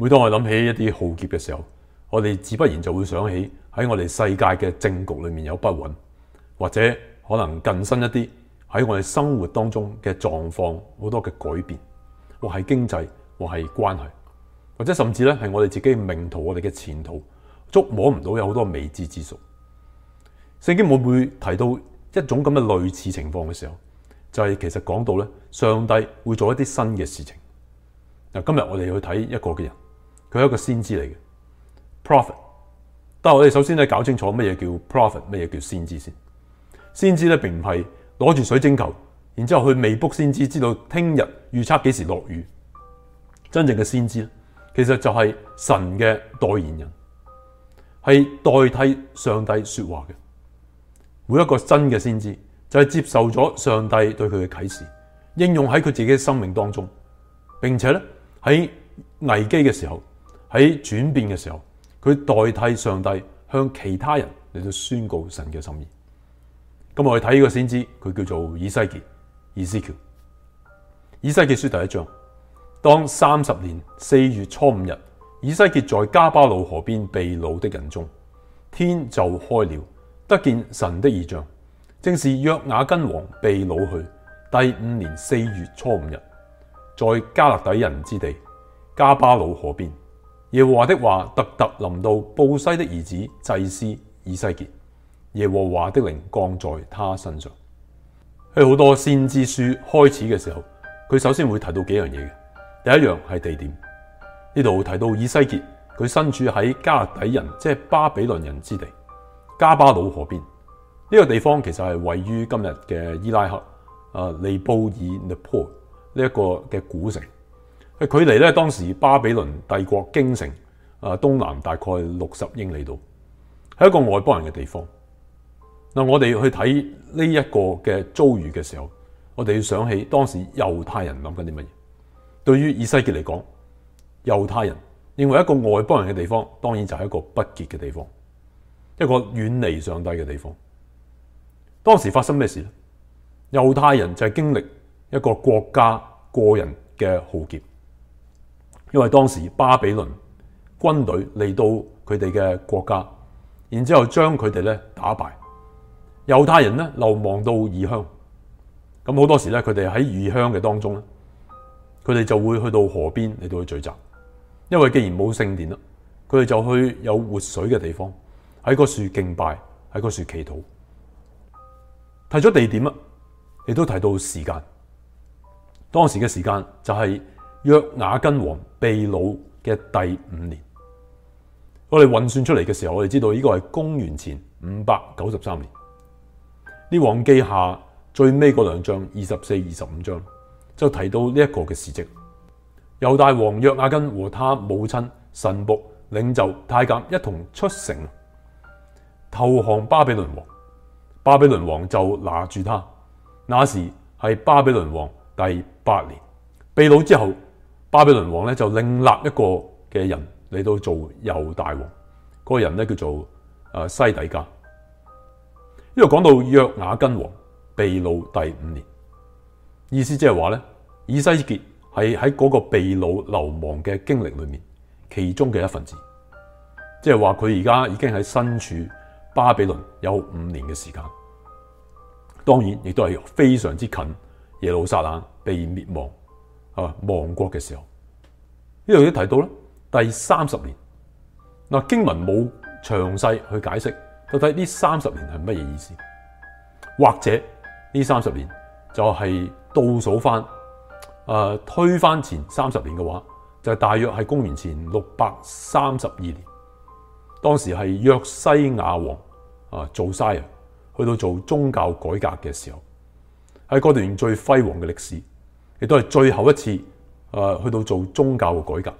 每當我諗起一啲浩劫嘅時候，我哋自不然就會想起喺我哋世界嘅政局裏面有不穩，或者可能更新一啲喺我哋生活當中嘅狀況好多嘅改變，或係經濟或係關係，或者甚至咧係我哋自己命途我哋嘅前途捉摸唔到有好多未知之數。聖經會唔會提到一種咁嘅類似情況嘅時候，就係其實講到咧，上帝會做一啲新嘅事情。嗱，今日我哋去睇一個嘅人。佢係一個先知嚟嘅 Prophet，但係我哋首先咧搞清楚乜嘢叫 Prophet，乜嘢叫先知先。先知咧並唔係攞住水晶球，然之後去未卜先知，知道聽日預測幾時落雨。真正嘅先知咧，其實就係神嘅代言人，係代替上帝說話嘅。每一個真嘅先知就係接受咗上帝對佢嘅啟示，應用喺佢自己嘅生命當中。並且咧喺危機嘅時候，喺轉變嘅時候，佢代替上帝向其他人嚟到宣告神嘅心意。咁我哋睇呢個先知，佢叫做以西結。以西橋，以西結書第一章：當三十年四月初五日，以西結在加巴魯河邊被擄的人中，天就開了，得見神的異象。正是約雅斤王被擄去第五年四月初五日，在加勒底人之地加巴魯河邊。耶和華的話特特臨到布西的兒子祭司以西結，耶和華的靈降在他身上。喺好多先知書開始嘅時候，佢首先會提到幾樣嘢嘅，第一樣係地點。呢度提到以西結，佢身處喺迦勒底人，即係巴比倫人之地，加巴魯河邊。呢、這個地方其實係位於今日嘅伊拉克，誒布爾尼波呢一個嘅古城。佢距離咧當時巴比倫帝國京城啊東南大概六十英里度，係一個外邦人嘅地方。嗱，我哋去睇呢一個嘅遭遇嘅時候，我哋要想起當時猶太人諗緊啲乜嘢？對於以西結嚟講，猶太人認為一個外邦人嘅地方，當然就係一個不潔嘅地方，一個遠離上帝嘅地方。當時發生咩事咧？猶太人就係經歷一個國家個人嘅浩劫。因為當時巴比倫軍隊嚟到佢哋嘅國家，然之後將佢哋咧打敗，猶太人咧流亡到異鄉，咁好多時咧佢哋喺異鄉嘅當中咧，佢哋就會去到河邊嚟到去聚集，因為既然冇聖殿啦，佢哋就去有活水嘅地方，喺個樹敬拜，喺個樹祈禱。提咗地點啊，亦都提到時間，當時嘅時間就係、是。約雅斤王被擄嘅第五年，我哋運算出嚟嘅時候，我哋知道呢個係公元前五百九十三年。呢《王記》下最尾嗰兩章，二十四、二十五章就提到呢一個嘅事蹟。猶大王約雅斤和他母親、臣僕、領袖、太監一同出城投降巴比倫王，巴比倫王就拿住他。那時係巴比倫王第八年，被擄之後。巴比倫王咧就另立一個嘅人嚟到做猶大王，嗰、那個人咧叫做誒西底家。因為講到約雅斤王被擄第五年，意思即係話咧以西結係喺嗰個被擄流亡嘅經歷裏面，其中嘅一份子，即係話佢而家已經喺身處巴比倫有五年嘅時間，當然亦都係非常之近耶路撒冷被滅亡。啊，亡國嘅時候，呢度都提到啦。第三十年，嗱經文冇詳細去解釋到底呢三十年係乜嘢意思，或者呢三十年就係倒數翻，誒、啊、推翻前三十年嘅話，就係、大約係公元前六百三十二年，當時係約西亞王啊做晒啊，ire, 去到做宗教改革嘅時候，係嗰段最輝煌嘅歷史。亦都係最後一次、呃，去到做宗教嘅改革，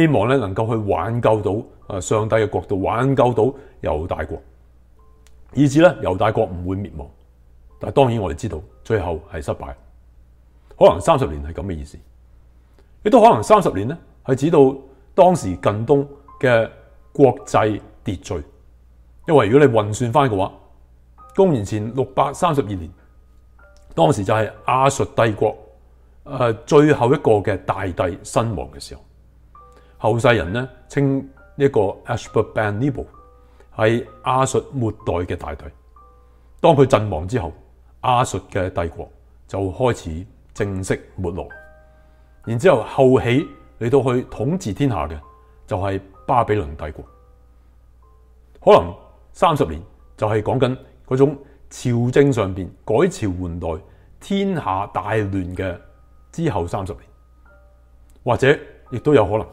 希望咧能夠去挽救到、呃、上帝嘅國度，挽救到猶大國，以至咧猶大國唔會滅亡。但係當然我哋知道最後係失敗，可能三十年係咁嘅意思。亦都可能三十年咧係指到當時近東嘅國際秩序，因為如果你運算翻嘅話，公元前六百三十二年，當時就係亞述帝國。呃、最後一個嘅大帝身亡嘅時候，後世人咧稱呢個 Ashurbanipal 係阿術末代嘅大帝。當佢陣亡之後，阿術嘅帝國就開始正式沒落。然後之後後起嚟到去統治天下嘅就係、是、巴比倫帝國。可能三十年就係講緊嗰種朝政上面改朝換代、天下大亂嘅。之後三十年，或者亦都有可能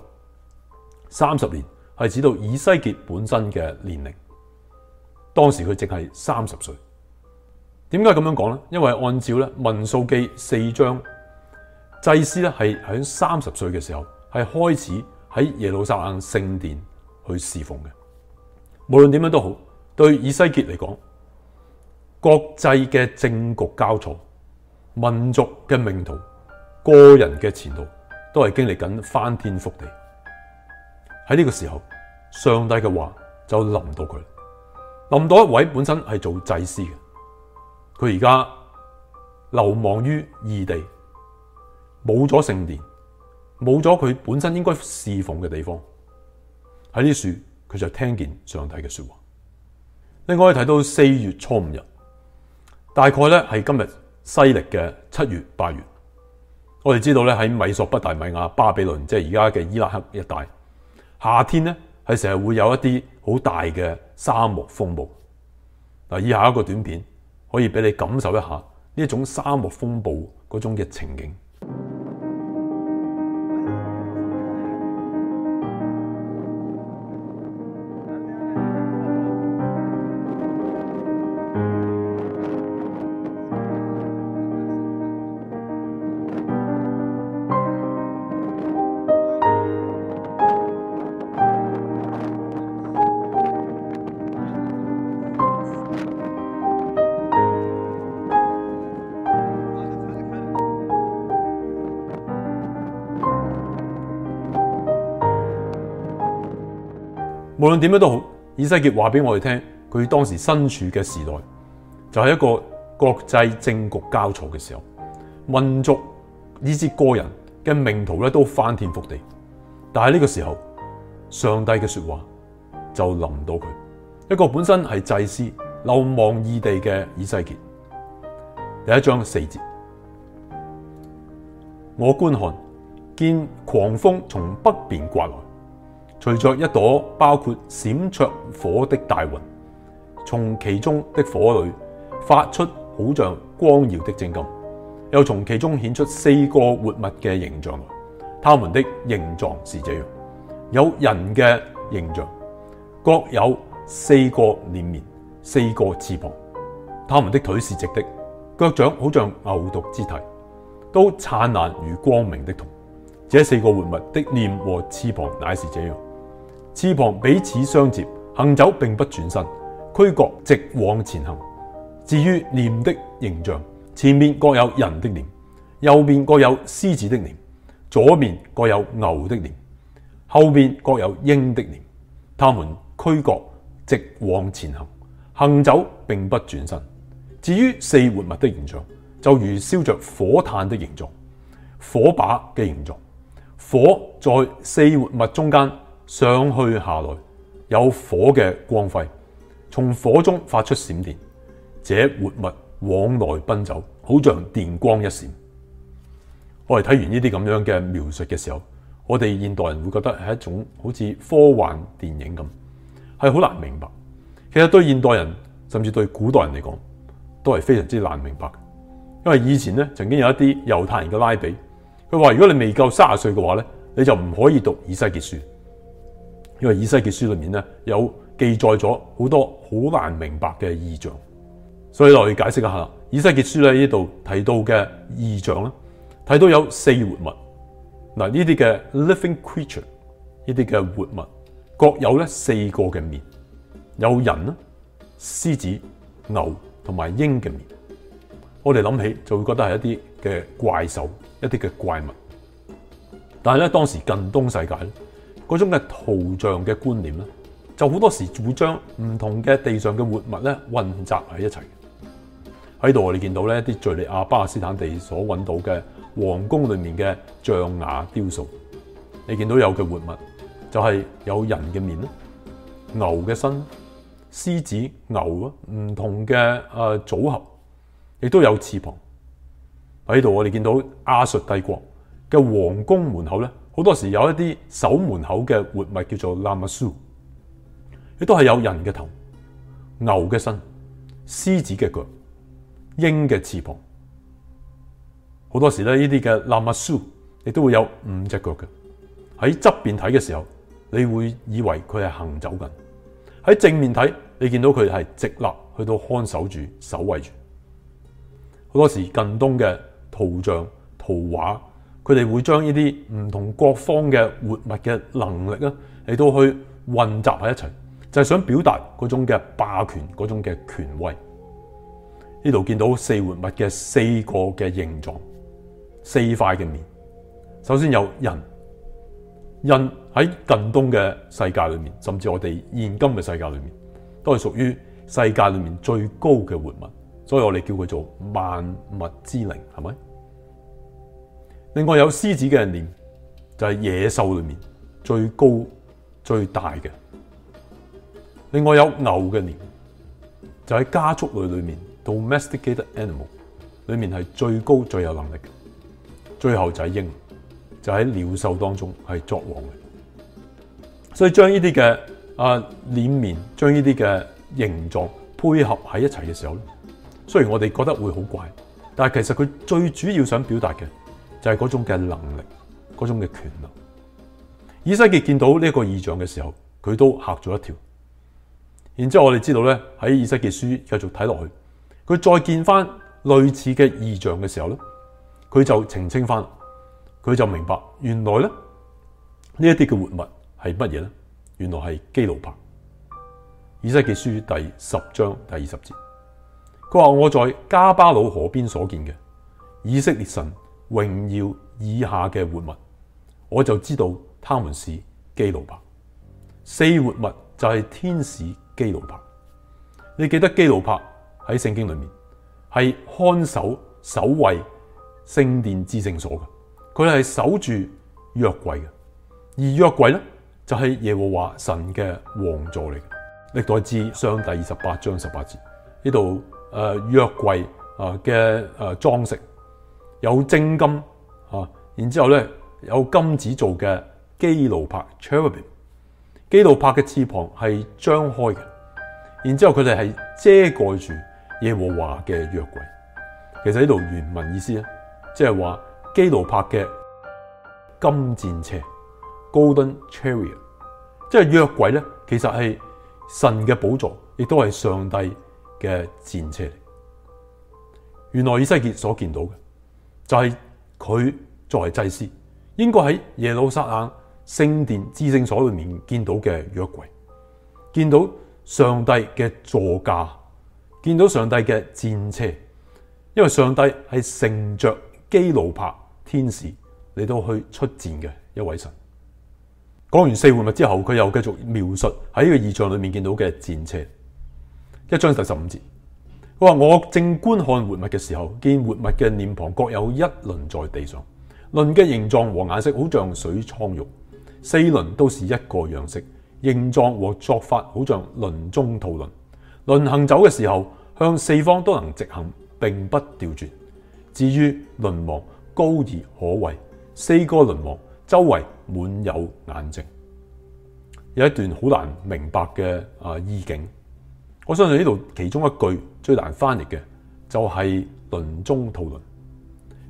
三十年係指到以西結本身嘅年齡。當時佢淨係三十歲。點解咁樣講咧？因為按照咧《民數記》四章，祭司咧係喺三十歲嘅時候係開始喺耶路撒冷聖殿去侍奉嘅。無論點樣都好，對以西結嚟講，國際嘅政局交錯，民族嘅命途，個人嘅前途都係經歷緊翻天覆地。喺呢個時候，上帝嘅話就臨到佢，臨到一位本身係做祭司嘅，佢而家流亡於異地，冇咗聖殿，冇咗佢本身應該侍奉嘅地方。喺呢樹，佢就聽見上帝嘅說話。你可以睇到四月初五日，大概咧係今日西曆嘅七月八月。我哋知道咧，喺美索不達米亞巴比倫，即係而家嘅伊拉克一帶，夏天呢係成日會有一啲好大嘅沙漠風暴。以下一個短片可以俾你感受一下呢一種沙漠風暴嗰種嘅情景。無論點樣都好，以西結話俾我哋聽，佢當時身處嘅時代，就係、是、一個國際政局交錯嘅時候，民族以至個人嘅命途咧都翻天覆地。但係呢個時候，上帝嘅說話就臨到佢，一個本身係祭司、流亡異地嘅以西結，第一章四節，我觀看見狂風從北邊颳來。隨着一朵包括閃爍火的大雲，從其中的火裏發出好像光耀的精金，又從其中顯出四個活物嘅形象。他們的形狀是這樣：有人嘅形象，各有四個臉面、四個翅膀。他們的腿是直的，腳掌好像牛犢之蹄，都燦爛如光明的銅。這四個活物的臉和翅膀乃是這樣。翅膀彼此相接，行走並不轉身，俱各直往前行。至於臉的形象，前面各有人的臉，右邊各有獅子的臉，左邊各有牛的臉，後面各有鷹的臉。他們俱各直往前行，行走並不轉身。至於四活物的形象，就如燒着火炭的形狀，火把嘅形狀，火在四活物中間。上去下來有火嘅光輝，從火中發出閃電，這活物往來奔走，好像電光一閃。我哋睇完呢啲咁樣嘅描述嘅時候，我哋現代人會覺得係一種好似科幻電影咁，係好難明白。其實對現代人甚至對古代人嚟講都係非常之難明白。因為以前咧曾經有一啲猶太人嘅拉比，佢話如果你未夠卅歲嘅話咧，你就唔可以讀以西結書。因為以很很以《以西結書》裏面咧有記載咗好多好難明白嘅異象，所以嚟解釋一下啦。《以西結書》咧呢度提到嘅異象咧，睇到有四活物，嗱呢啲嘅 living creature，呢啲嘅活物各有咧四個嘅面，有人啦、獅子、牛同埋鷹嘅面，我哋諗起就會覺得係一啲嘅怪獸、一啲嘅怪物，但係咧當時近東世界嗰種嘅圖像嘅觀念咧，就好多時會將唔同嘅地上嘅活物咧混雜喺一齊。喺度我哋見到咧，啲敍利亞、巴勒斯坦地所揾到嘅皇宮裏面嘅象牙雕塑，你見到有嘅活物就係有人嘅面啦、牛嘅身、獅子、牛啊，唔同嘅、呃、組合，亦都有翅膀。喺度我哋見到亞述帝國嘅皇宮門口咧。好多時有一啲守門口嘅活物叫做拉瑪蘇，亦都係有人嘅頭、牛嘅身、獅子嘅腳、鷹嘅翅膀。好多時咧，呢啲嘅拉瑪蘇亦都會有五隻腳嘅。喺側邊睇嘅時候，你會以為佢係行走緊；喺正面睇，你見到佢係直立去到看守住、守衛住。好多時近東嘅圖像、圖畫。佢哋會將呢啲唔同各方嘅活物嘅能力啊，嚟到去混集喺一齊，就係想表達嗰種嘅霸權、嗰種嘅權威。呢度見到四活物嘅四個嘅形狀，四塊嘅面。首先有人，人喺近東嘅世界裏面，甚至我哋現今嘅世界裏面，都係屬於世界裏面最高嘅活物，所以我哋叫佢做萬物之靈，係咪？另外有獅子嘅臉，就係、是、野獸裏面最高最大嘅；另外有牛嘅臉，就喺、是、家畜類裏面 （domesticated animal） 裏面係最高最有能力嘅。最後就係鷹，就喺、是、鳥獸當中係作王嘅。所以將呢啲嘅啊臉面，將呢啲嘅形狀配合喺一齊嘅時候咧，雖然我哋覺得會好怪，但係其實佢最主要想表達嘅，就係嗰種嘅能力，嗰種嘅權能。以西結見到呢一個異象嘅時候，佢都嚇咗一跳。然之後，我哋知道咧，喺以西結書繼續睇落去，佢再見翻類似嘅異象嘅時候咧，佢就澄清翻，佢就明白原來咧呢一啲嘅活物係乜嘢咧？原來係基路柏。以西結書第十章第二十節，佢話：我在加巴魯河邊所見嘅以色列神。榮耀以下嘅活物，我就知道他們是基路伯。四活物就係天使基路伯。你記得基路伯喺聖經裏面係看守守衛聖殿之聖所嘅，佢係守住約櫃嘅。而約櫃咧就係、是、耶和華神嘅王座嚟嘅。歷代志上第二十八章十八節呢度誒約櫃誒嘅誒裝飾。有正金金啊，然之後咧，有金子做嘅基路柏 Cherubim，基路柏嘅翅膀係張開嘅，然之後佢哋係遮蓋住耶和華嘅約櫃。其實呢度原文意思咧，即係話基路柏嘅金戰車 （Golden Chariot）。即係約櫃咧，其實係神嘅寶座，亦都係上帝嘅戰車。原來以西結所見到嘅，就係佢作為祭司，應該喺耶路撒冷聖殿至聖所裏面見到嘅約櫃，見到上帝嘅座駕，見到上帝嘅戰車，因為上帝係乘着基路伯天使嚟到去出戰嘅一位神。講完四活物之後，佢又繼續描述喺呢個異象裏面見到嘅戰車，一章第十五節。佢話：我正觀看活物嘅時候，見活物嘅臉旁各有一輪在地上，輪嘅形狀和顏色好像水蒼玉，四輪都是一個樣式，形狀和作法好像輪中套輪。輪行走嘅時候，向四方都能直行，並不掉轉。至於輪輞，高而可畏，四個輪輞，周圍滿有眼睛。有一段好難明白嘅啊意境，我相信呢度其中一句。最難翻譯嘅就係、是、輪中討論，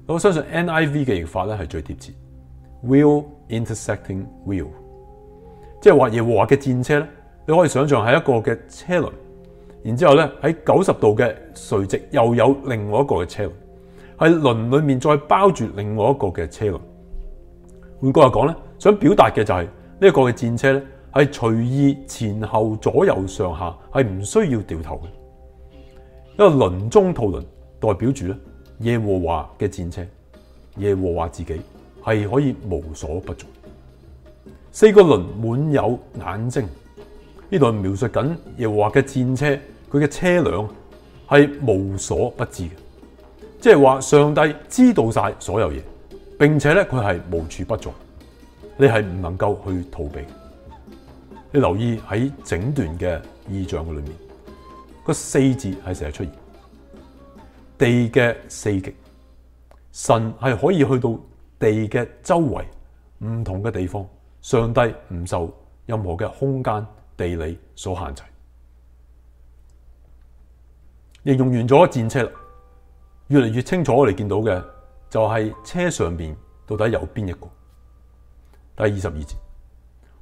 我相信 NIV 嘅譯法咧係最貼切。Wheel Intersecting Wheel，即係話耶和華嘅戰車咧，你可以想象係一個嘅車輪，然之後咧喺九十度嘅垂直又有另外一個嘅車輪，喺輪裡面再包住另外一個嘅車輪。換句話講咧，想表達嘅就係、是、呢、這個嘅戰車咧係隨意前後左右上下係唔需要掉頭嘅。一個輪中套輪，代表住咧耶和華嘅戰車，耶和華自己係可以無所不足。四個輪滿有眼睛，呢度係描述緊耶和華嘅戰車，佢嘅車輛係無所不知，即係話上帝知道晒所有嘢，並且咧佢係無處不在，你係唔能夠去逃避。你留意喺整段嘅異象裏面。個四字係成日出現，地嘅四極，神係可以去到地嘅周圍唔同嘅地方。上帝唔受任何嘅空間地理所限制。形容完咗戰車啦，越嚟越清楚我哋見到嘅就係車上邊到底有邊一個。第二十二節，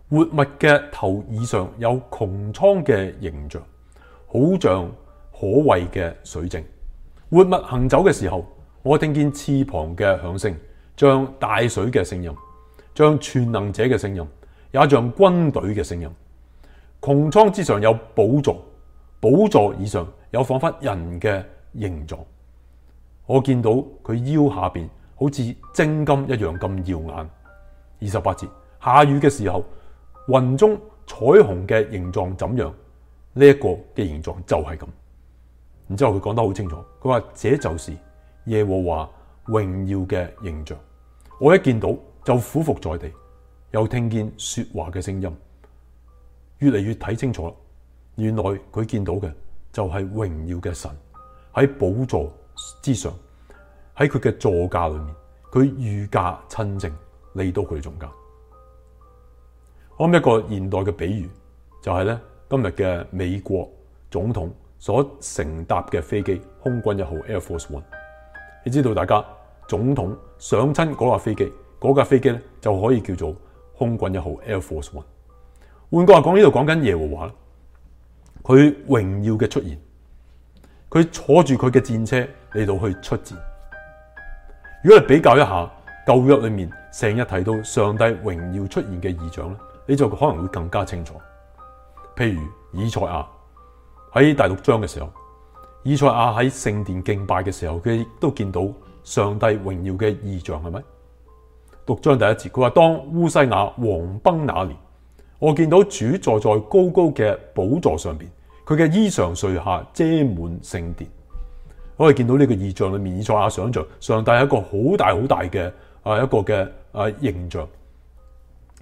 活物嘅頭以上有穹蒼嘅形象。好像可畏嘅水晶，活物行走嘅時候，我聽見翅膀嘅響聲，像大水嘅聲音，像全能者嘅聲音，也像軍隊嘅聲音。穹蒼之上有寶座，寶座以上有仿佛人嘅形狀。我見到佢腰下邊好似精金一樣咁耀眼。二十八節，下雨嘅時候，雲中彩虹嘅形狀怎樣？呢一個嘅形狀就係咁，然之後佢講得好清楚，佢話這就是耶和華榮耀嘅形象。我一見到就俯伏在地，又聽見說話嘅聲音，越嚟越睇清楚啦。原來佢見到嘅就係榮耀嘅神喺寶座之上，喺佢嘅座駕裏面，佢御駕親征嚟到佢中間。我諗一個現代嘅比喻就係、是、咧。今日嘅美國總統所乘搭嘅飛機空軍一號 Air Force One，你知道大家總統上親嗰架飛機，嗰架飛機咧就可以叫做空軍一號 Air Force One。換句話講，呢度講緊耶和華佢榮耀嘅出現，佢坐住佢嘅戰車嚟到去出戰。如果你比較一下舊約裏面成日提到上帝榮耀出現嘅異象，咧，你就可能會更加清楚。譬如以賽亞喺第六章嘅時候，以賽亞喺聖殿敬拜嘅時候，佢亦都見到上帝榮耀嘅異象係咪？六章第一節，佢話當烏西雅王崩那年，我見到主坐在高高嘅寶座上邊，佢嘅衣裳垂下遮滿聖殿。我哋見到呢個異象裏面，以賽亞想象上帝係一個好大好大嘅啊一個嘅形象，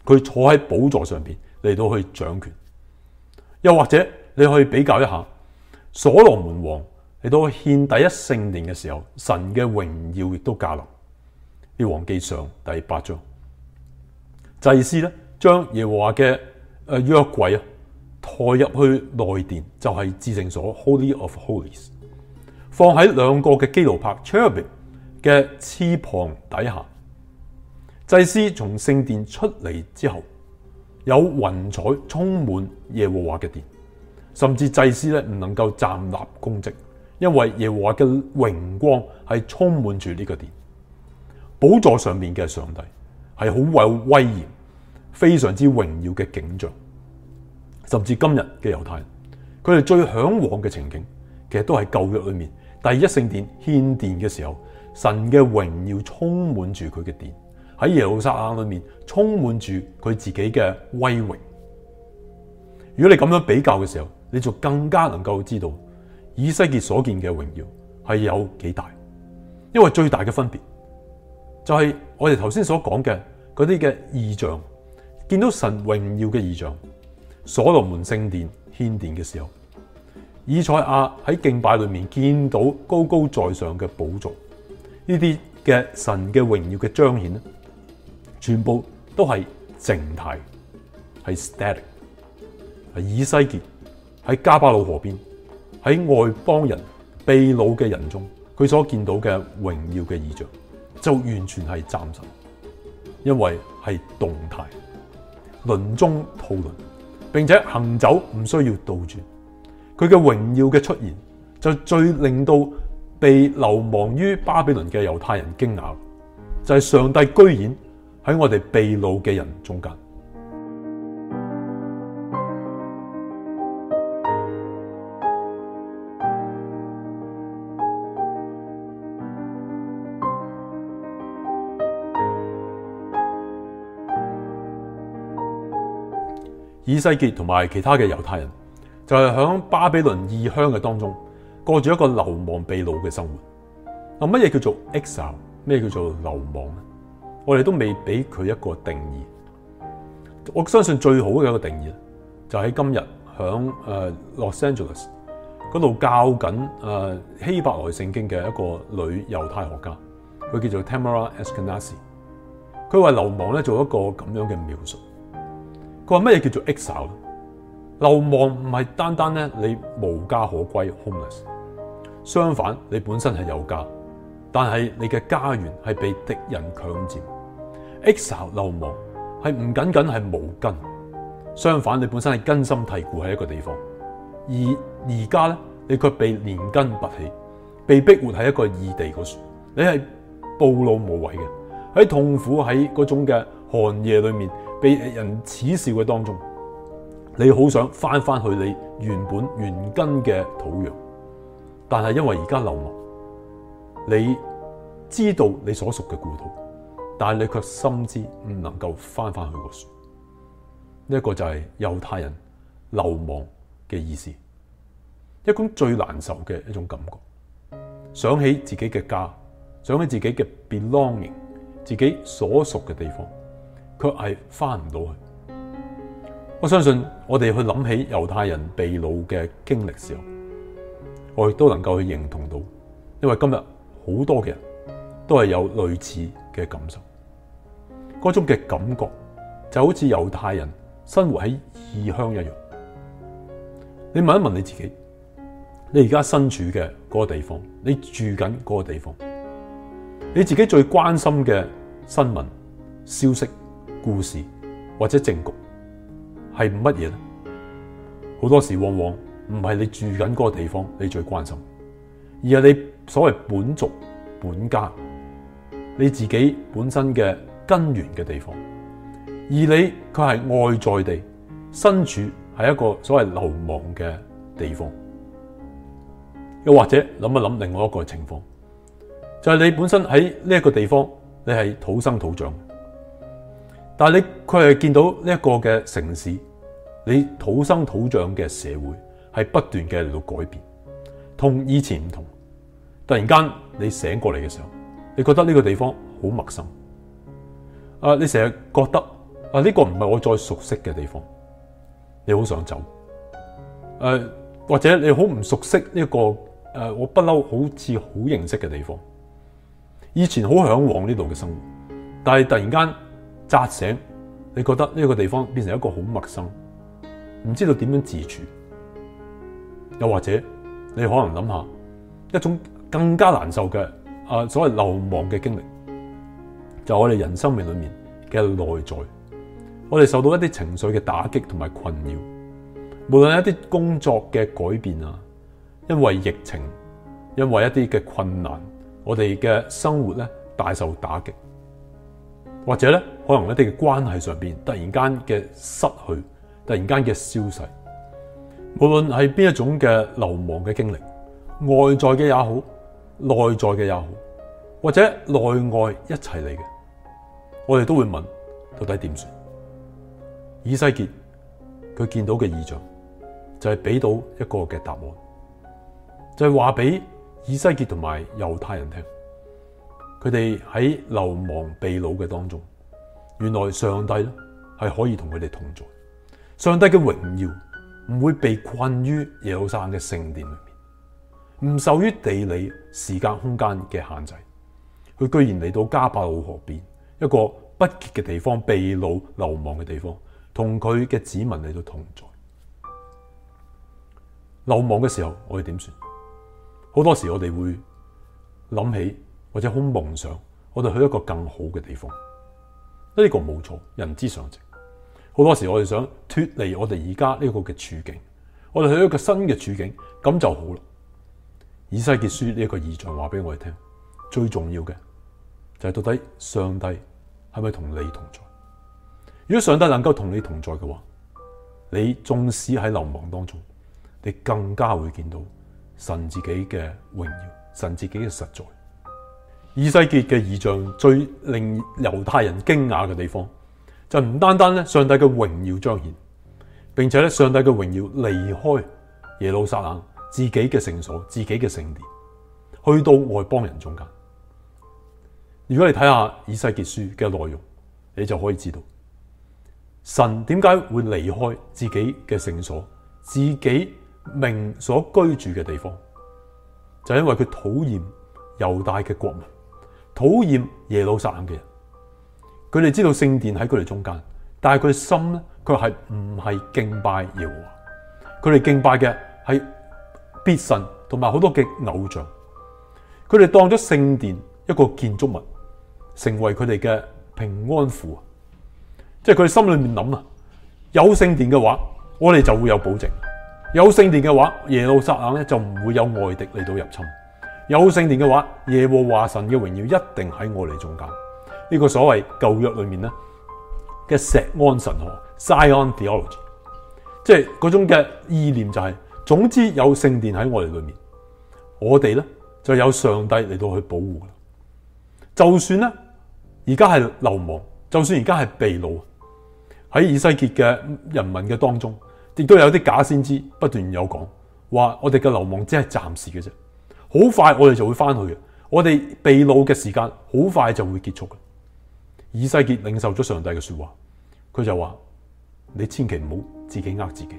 佢坐喺寶座上邊嚟到去掌權。又或者你可以比較一下，所羅門王嚟到獻第一聖殿嘅時候，神嘅榮耀亦都駕臨。列王紀上第八章，祭司咧將耶和華嘅誒約櫃啊，抬入去內殿，就係、是、至聖所 （Holy of Holies），放喺兩個嘅基路柏 （Cherub） 嘅翅膀底下。祭司從聖殿出嚟之後。有雲彩充滿耶和華嘅殿，甚至祭司咧唔能夠站立供職，因為耶和華嘅榮光係充滿住呢個殿。寶座上面嘅上帝係好有威嚴、非常之榮耀嘅景象。甚至今日嘅猶太人，佢哋最向往嘅情景，其實都係舊約裏面第一聖殿獻殿嘅時候，神嘅榮耀充滿住佢嘅殿。喺耶路撒冷裏面充滿住佢自己嘅威榮。如果你咁樣比較嘅時候，你就更加能夠知道以西結所見嘅榮耀係有幾大，因為最大嘅分別就係、是、我哋頭先所講嘅嗰啲嘅異象，見到神榮耀嘅異象，所羅門聖殿獻殿嘅時候，以賽亞喺敬拜裏面見到高高在上嘅寶座，呢啲嘅神嘅榮耀嘅彰顯咧。全部都係靜態，係 static，係以西結喺加巴魯河邊喺外邦人被擄嘅人中，佢所見到嘅榮耀嘅異象就完全係暫神，因為係動態輪中套輪，並且行走唔需要倒轉。佢嘅榮耀嘅出現就最令到被流亡於巴比倫嘅猶太人驚訝，就係、是、上帝居然。喺我哋被擄嘅人中間，以西結同埋其他嘅猶太人就係喺巴比倫異鄉嘅當中，過住一個流亡被擄嘅生活。啊，乜嘢叫做 exile？咩叫做流亡呢？我哋都未俾佢一個定義。我相信最好嘅一個定義，就喺、是、今日響、呃、Los Angeles 嗰度教緊希、呃、伯來聖經嘅一個女猶太學家，佢叫做 Tamara Eskenazi。佢為流亡咧做一個咁樣嘅描述。佢話乜嘢叫做 exile？流亡唔係單單咧你無家可歸 （homeless），相反你本身係有家，但係你嘅家園係被敵人強佔。Exile 流亡係唔僅僅係無根，相反你本身係根深蒂固喺一個地方，而而家咧你卻被連根拔起，被逼活喺一個異地個處，你係暴露無遺嘅，喺痛苦喺嗰種嘅寒夜裏面，被人恥笑嘅當中，你好想返返去你原本原根嘅土壤，但係因為而家流亡，你知道你所屬嘅故土。但係你卻深知唔能夠翻翻去個樹，呢個就係猶太人流亡嘅意思，一種最難受嘅一種感覺。想起自己嘅家，想起自己嘅 belonging，自己所屬嘅地方，佢係翻唔到去。我相信我哋去諗起猶太人被擄嘅經歷時候，我亦都能夠去認同到，因為今日好多嘅人都係有類似嘅感受。嗰種嘅感覺就好似猶太人生活喺異鄉一樣。你問一問你自己，你而家身處嘅嗰個地方，你住緊嗰個地方，你自己最關心嘅新聞、消息、故事或者政局係乜嘢咧？好多時往往唔係你住緊嗰個地方你最關心，而係你所謂本族本家你自己本身嘅根源嘅地方，而你佢係外在地身處係一個所謂流亡嘅地方，又或者諗一諗另外一個情況，就係你本身喺呢一個地方，你係土生土長，但係你佢係見到呢一個嘅城市，你土生土長嘅社會係不斷嘅嚟到改變，同以前唔同，突然間你醒過嚟嘅時候，你覺得呢個地方好陌生。誒！你成日覺得啊呢個唔係我再熟悉嘅地方，你好想走、誒。或者你好唔熟悉呢、呢個、誒、我不嬲好似好認識嘅地方，以前好向往呢度嘅生活，但係突然間扎醒，你覺得呢個地方變成一個好陌生，唔知道點樣自處。又或者你可能諗下一種更加難受嘅啊所謂流亡嘅經歷。就我哋人生命裏面嘅內在，我哋受到一啲情緒嘅打擊同埋困擾，無論一啲工作嘅改變啊，因為疫情，因為一啲嘅困難，我哋嘅生活咧大受打擊，或者咧可能一啲嘅關係上邊突然間嘅失去，突然間嘅消逝，無論係邊一種嘅流亡嘅經歷，外在嘅也好，內在嘅也好，或者內外一齊嚟嘅。我哋都會問，到底點算？以西結佢見到嘅異象就係、是、俾到一個嘅答案，就係話俾以西結同埋猶太人聽，佢哋喺流亡被擄嘅當中，原來上帝咧係可以同佢哋同在，上帝嘅榮耀唔會被困於耶路撒冷嘅聖殿裏面，唔受於地理、時間、空間嘅限制，佢居然嚟到迦巴魯河邊。一個不潔嘅地方，被擄流亡嘅地方，同佢嘅子民嚟到同在。流亡嘅時候，我哋點算？好多時候我哋會諗起，或者好夢想，我哋去一個更好嘅地方。呢、這個冇錯，人之常情。好多時候我哋想脫離我哋而家呢個嘅處境，我哋去一個新嘅處境，咁就好啦。以西結書呢一個異象話俾我哋聽，最重要嘅就係到底上帝，係咪同你同在？如果上帝能夠同你同在嘅話，你縱使喺流亡當中，你更加會見到神自己嘅榮耀，神自己嘅實在。以西結嘅異象最令猶太人驚訝嘅地方，就唔單單咧上帝嘅榮耀彰顯，並且咧上帝嘅榮耀離開耶路撒冷自己嘅聖所、自己嘅聖殿，去到外邦人中間。如果你睇下以西結書嘅內容，你就可以知道神點解會離開自己嘅聖所，自己名所居住嘅地方，就因為佢討厭猶大嘅國民，討厭耶路撒冷嘅人。佢哋知道聖殿喺佢哋中間，但係佢心咧，佢係唔係敬拜耶和華？佢哋敬拜嘅係別神同埋好多嘅偶像，佢哋當咗聖殿一個建築物。成為佢哋嘅平安符，即係佢心裏面諗啊，有聖殿嘅話，我哋就會有保證；有聖殿嘅話，耶路撒冷咧就唔會有外敵嚟到入侵；有聖殿嘅話，耶和華神嘅榮耀一定喺我哋中間。呢、這個所謂舊約裏面咧嘅石安神河 （Sion t h e o l o g y 即係嗰種嘅意念就係、是，總之有聖殿喺我哋裏面，我哋咧就有上帝嚟到去保護。就算咧，而家係流亡，就算而家係被擄喺以西結嘅人民嘅當中，亦都有啲假先知不斷有講話，我哋嘅流亡只係暫時嘅啫，好快我哋就會翻去嘅，我哋被擄嘅時間好快就會結束。以西結領受咗上帝嘅說話，佢就話：你千祈唔好自己呃自己，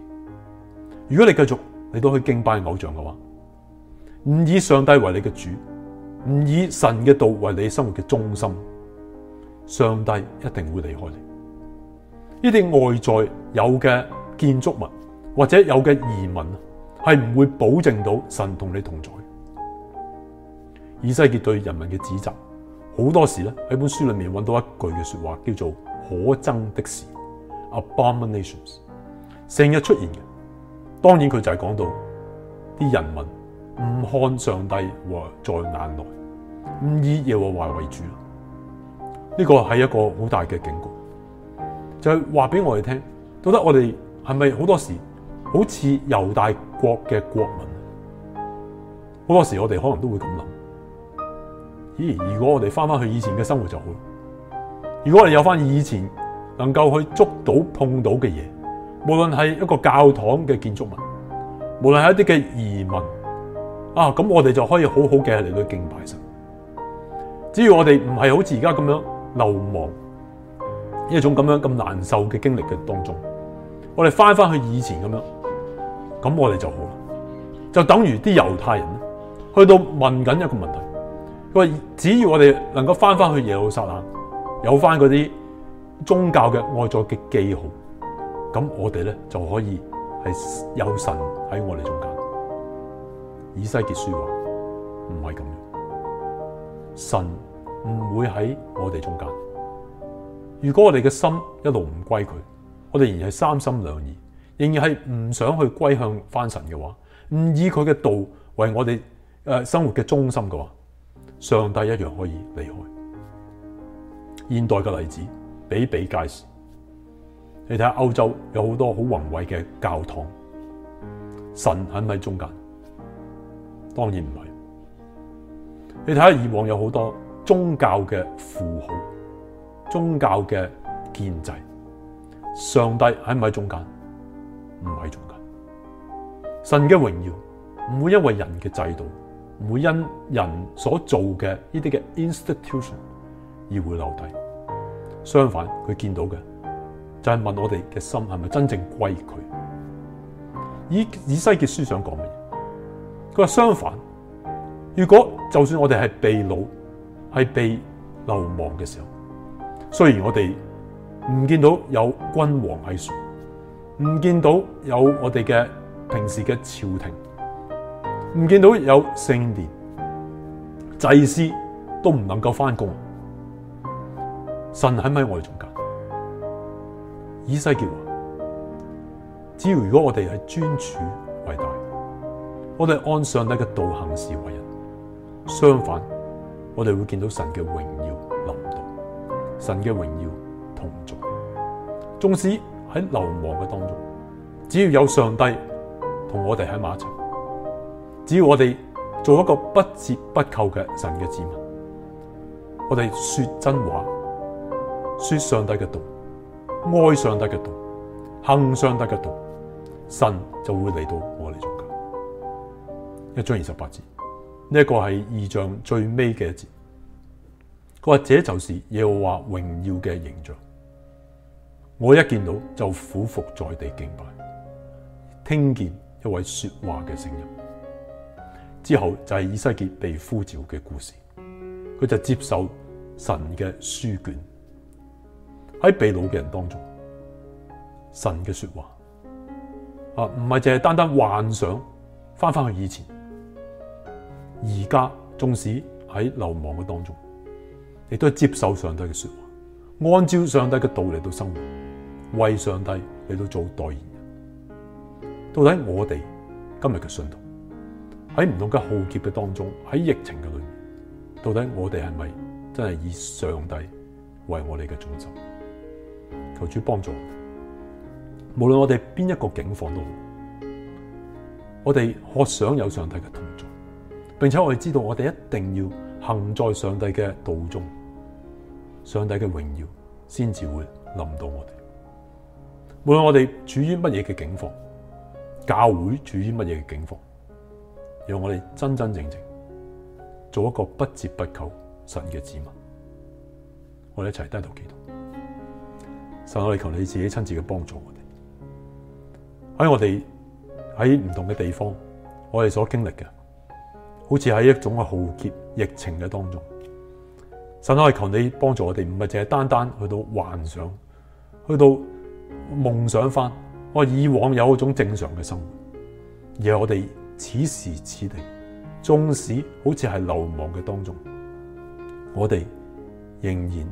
如果你繼續你都去敬拜的偶像嘅話，唔以上帝為你嘅主。唔以神嘅道為你生活嘅中心，上帝一定會離開你。呢啲外在有嘅建築物或者有嘅移民，係唔會保證到神同你同在。以西結對人民嘅指責，好多時咧喺本書裏面揾到一句嘅說話，叫做可憎的事 （abominations），成日出現嘅。當然佢就係講到啲人民。唔看上帝和在眼內，唔以耶和華為主，呢個係一個好大嘅警告，就係話俾我哋聽，到底我哋係咪好多時好似猶大國嘅國民？好多時我哋可能都會咁諗：咦，如果我哋翻翻去以前嘅生活就好啦。如果我哋有翻以前，能夠去捉到、碰到嘅嘢，無論係一個教堂嘅建築物，無論係一啲嘅移民。啊，咁我哋就可以好好嘅嚟到敬拜神。只要我哋唔係好似而家咁樣流亡，一種咁樣咁難受嘅經歷嘅當中，我哋翻翻去以前咁樣，咁我哋就好啦。就等於啲猶太人咧，去到問緊一個問題，佢話：「只要我哋能夠翻翻去耶路撒冷，有翻嗰啲宗教嘅外在嘅記號，咁我哋咧就可以係有神喺我哋中間。」以西結書話唔係咁樣，神唔會喺我哋中間。如果我哋嘅心一路唔歸佢，我哋仍然係三心兩意，仍然係唔想去歸向翻神嘅話，唔以佢嘅道為我哋誒生活嘅中心嘅話，上帝一樣可以離開。現代嘅例子，比比皆是。你睇下歐洲有好多好宏偉嘅教堂，神喺唔喺中間？當然唔係。你睇下以往有好多宗教嘅符號，宗教嘅建制，上帝喺唔喺中間？唔喺中間。神嘅榮耀唔會因為人嘅制度，唔會因人所做嘅呢啲嘅 institution 而會留低。相反，佢見到嘅就係、是、問我哋嘅心係咪真正歸佢？以以西結書想講乜嘢？佢話相反，如果就算我哋係被擄係被流亡嘅時候，雖然我哋唔見到有君王喺神，唔見到有我哋嘅平時嘅朝廷，唔見到有聖殿祭司都唔能夠返工，神喺唔喺我哋中間？以西結話，只要如果我哋係專注。我哋按上帝嘅道行事為人，相反，我哋會見到神嘅榮耀臨到，神嘅榮耀同在。縱使喺流亡嘅當中，只要有上帝同我哋喺埋一齊，只要我哋做一個不折不扣嘅神嘅子民，我哋說真話，說上帝嘅道，愛上帝嘅道，行上帝嘅道，神就會嚟到我哋。一章二十八節，呢、這、一個係意象最尾嘅一節，佢或者就是耶和華榮耀嘅形象。我一見到就俯伏在地敬拜，聽見一位說話嘅聲音，之後就係以西結被呼召嘅故事，佢就接受神嘅書卷，喺被擄嘅人當中，神嘅說話啊，唔係淨係單單幻想，翻翻去以前。而家縱使喺流亡嘅當中，亦都係接受上帝嘅說話，按照上帝嘅道理到生活，為上帝嚟到做代言人。到底我哋今日嘅信徒，喺唔同嘅浩劫嘅當中，喺疫情嘅裏面，到底我哋係咪真係以上帝為我哋嘅中心求主幫助，無論我哋邊一個境況都好，我哋渴想有上帝嘅。並且我哋知道，我哋一定要行在上帝嘅道中，上帝嘅榮耀先至會臨到我哋。無論我哋處於乜嘢嘅境況，教會處於乜嘢嘅境況，讓我哋真真正正做一個不折不扣神嘅子民。我哋一齊低頭祈禱，神，我哋求你自己親自嘅幫助我哋。喺我哋喺唔同嘅地方，我哋所經歷嘅。好似喺一種嘅浩劫疫情嘅當中，神可以求你幫助我哋，唔係淨係單單去到幻想，去到夢想返我以往有嗰種正常嘅生活，而我哋此時此地，縱使好似係流亡嘅當中，我哋仍然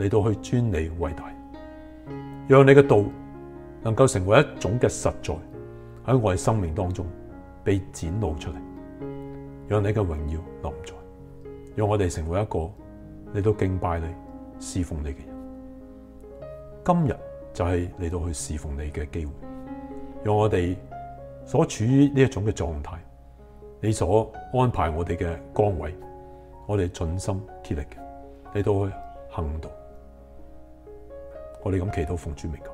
嚟到去尊你偉大，讓你嘅道能夠成為一種嘅實在喺我哋生命當中被展露出嚟。讓你嘅榮耀臨在，讓我哋成為一個嚟到敬拜你、侍奉你嘅人。今日就係嚟到去侍奉你嘅機會，讓我哋所處於呢一種嘅狀態，你所安排我哋嘅崗位，我哋盡心竭力嘅嚟到去行動。我哋咁祈禱奉主名講。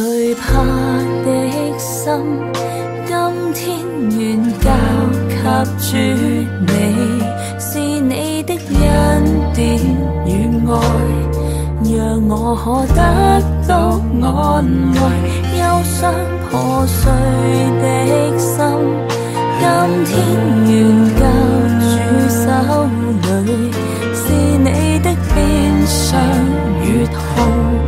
最怕的心，今天願交給主，你是你的恩典與愛，讓我可得到安慰。憂傷破碎的心，今天願交主手裏，是你的面相與納。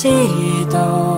知道。